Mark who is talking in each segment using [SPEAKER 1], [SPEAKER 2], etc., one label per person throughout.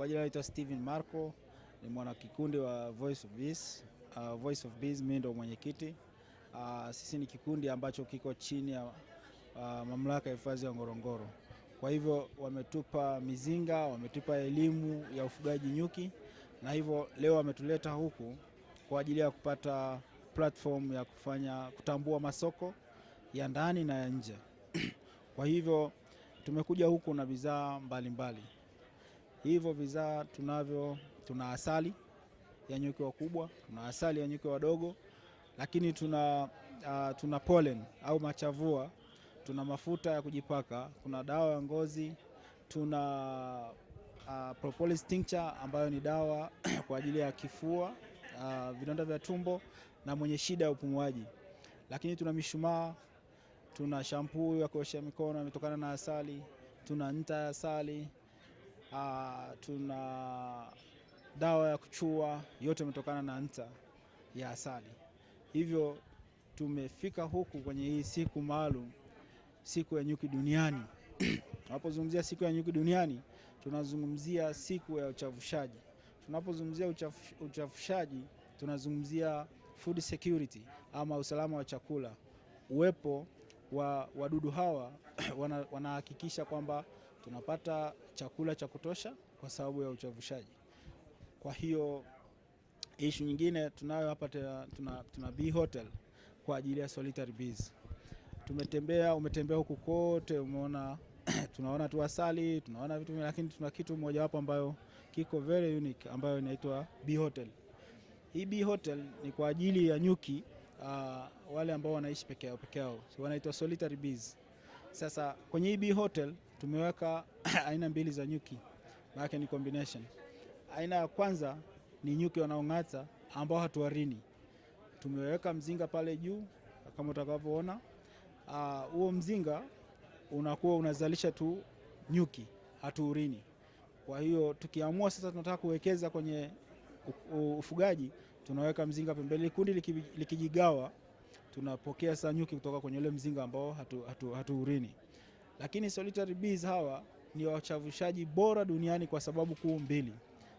[SPEAKER 1] Kwa jina naitwa Steven Marco, ni mwanakikundi wa Voice of Bees. Uh, ah, Voice of Bees mimi ndo mwenyekiti. Uh, sisi ni kikundi ambacho kiko chini ya uh, mamlaka ya hifadhi ya Ngorongoro. Kwa hivyo wametupa mizinga, wametupa elimu ya ufugaji nyuki na hivyo leo wametuleta huku kwa ajili ya kupata platform ya kufanya kutambua masoko ya ndani na ya nje. Kwa hivyo tumekuja huku na bidhaa mbalimbali. Hivyo vizaa tunavyo, tuna asali ya nyuki wakubwa, tuna asali ya nyuki wadogo, lakini tuna, uh, tuna pollen au machavua, tuna mafuta ya kujipaka, kuna dawa ya ngozi, tuna uh, propolis tincture ambayo ni dawa kwa ajili ya kifua, uh, vidonda vya tumbo na mwenye shida ya upumuaji, lakini tuna mishumaa, tuna shampuu ya kuoshea mikono imetokana na asali, tuna nta ya asali uh, tuna dawa ya kuchua, yote imetokana na nta ya asali. Hivyo tumefika huku kwenye hii siku maalum, siku ya nyuki duniani. Tunapozungumzia siku ya nyuki duniani, tunazungumzia siku ya uchavushaji. Tunapozungumzia uchafushaji uchavushaji tunazungumzia food security ama usalama wa chakula. Uwepo wa wadudu hawa wanahakikisha wana kwamba tunapata chakula cha kutosha kwa sababu ya uchavushaji. Kwa hiyo ishu nyingine tunayo hapa, tuna, tuna bee hotel kwa ajili ya solitary bees. Tumetembea, umetembea huku kote, umeona tunaona tu asali, tunaona vitu lakini tuna kitu mojawapo ambayo kiko very unique ambayo inaitwa bee hotel. Hii bee hotel ni kwa ajili ya nyuki uh, wale ambao wanaishi peke yao peke yao, so wanaitwa solitary bees. Sasa kwenye EB Hotel tumeweka aina mbili za nyuki, maana ni combination. Aina ya kwanza ni nyuki wanaong'ata ambao hatuarini tumeweka mzinga pale juu kama utakavyoona. Ah, huo uh, mzinga unakuwa unazalisha tu nyuki, hatuurini. Kwa hiyo tukiamua sasa tunataka kuwekeza kwenye ufugaji, tunaweka mzinga pembeni, kundi likijigawa tunapokea sasa nyuki kutoka kwenye ule mzinga ambao hatuurini hatu, hatu. Lakini solitary bees hawa ni wachavushaji bora duniani kwa sababu kuu mbili.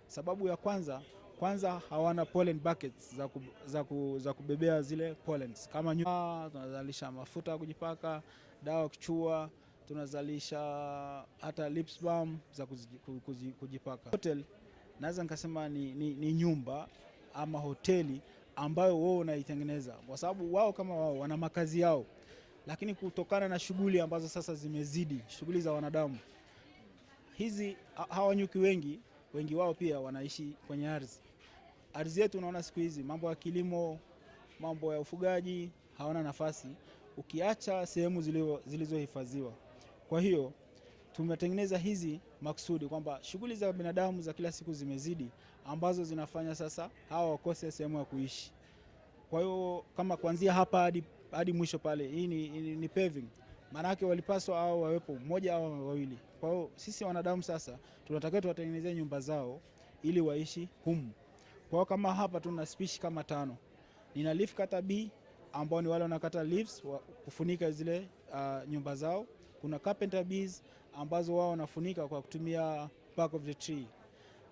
[SPEAKER 1] Sababu ya kwanza kwanza hawana pollen buckets za, ku, za, ku, za kubebea zile pollens. Kama nyuki tunazalisha mafuta ya kujipaka, dawa kichua, tunazalisha hata lips balm za kujipaka. Hotel naweza nikasema ni, ni, ni nyumba ama hoteli ambayo wao unaitengeneza, kwa sababu wao kama wao wana makazi yao, lakini kutokana na shughuli ambazo sasa zimezidi shughuli za wanadamu hizi, hawa nyuki wengi wengi wao pia wanaishi kwenye ardhi. Ardhi yetu unaona siku hizi mambo ya kilimo, mambo ya ufugaji hawana nafasi, ukiacha sehemu zilizohifadhiwa. Kwa hiyo tumetengeneza hizi maksudi kwamba shughuli za binadamu za kila siku zimezidi, ambazo zinafanya sasa hawa wakose sehemu ya kuishi. Kwa hiyo kama kuanzia hapa hadi hadi mwisho pale, hii ni, ni, ni paving maanake walipaswa au wawepo mmoja au wawili. Kwa hiyo sisi wanadamu sasa tunatakiwa tuwatengenezee nyumba zao ili waishi humu. Kwa hiyo kama hapa tuna spishi kama tano, nina leaf kata B ambao ni wale wanakata leaves kufunika zile uh, nyumba zao. Kuna carpenter bees ambazo wao wanafunika kwa kutumia bark of the tree,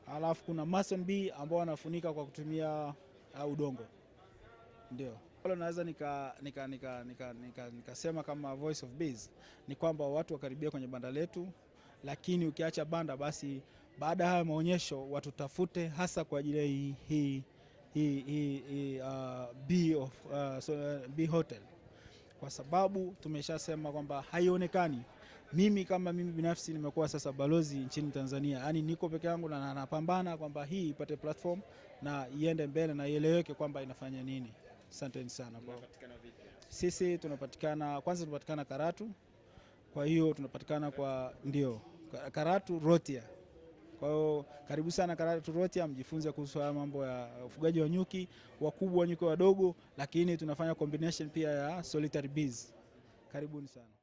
[SPEAKER 1] alafu kuna mason bee ambao wanafunika kwa kutumia uh, udongo. Ndio hilo naweza nikasema nika, nika, nika, nika, nika kama voice of bees ni kwamba watu wakaribia kwenye banda letu, lakini ukiacha banda, basi baada ya haya maonyesho watutafute hasa kwa ajili ya hii hii hii, hii, uh, bee of, uh, so, uh, bee hotel kwa sababu tumeshasema kwamba haionekani mimi kama mimi binafsi nimekuwa sasa balozi nchini Tanzania, yaani niko peke yangu na napambana kwamba hii ipate platform na iende mbele na ieleweke kwamba inafanya nini. Asanteni sana bro. Sisi tunapatikana kwanza, tunapatikana Karatu, kwa hiyo tunapatikana kwa ndio Karatu Rotia. Kwa hiyo karibu sana Karatu Rotia, mjifunze kuhusu haya mambo ya ufugaji wa nyuki wakubwa, nyuki wadogo, lakini tunafanya combination pia ya solitary bees. Karibuni sana.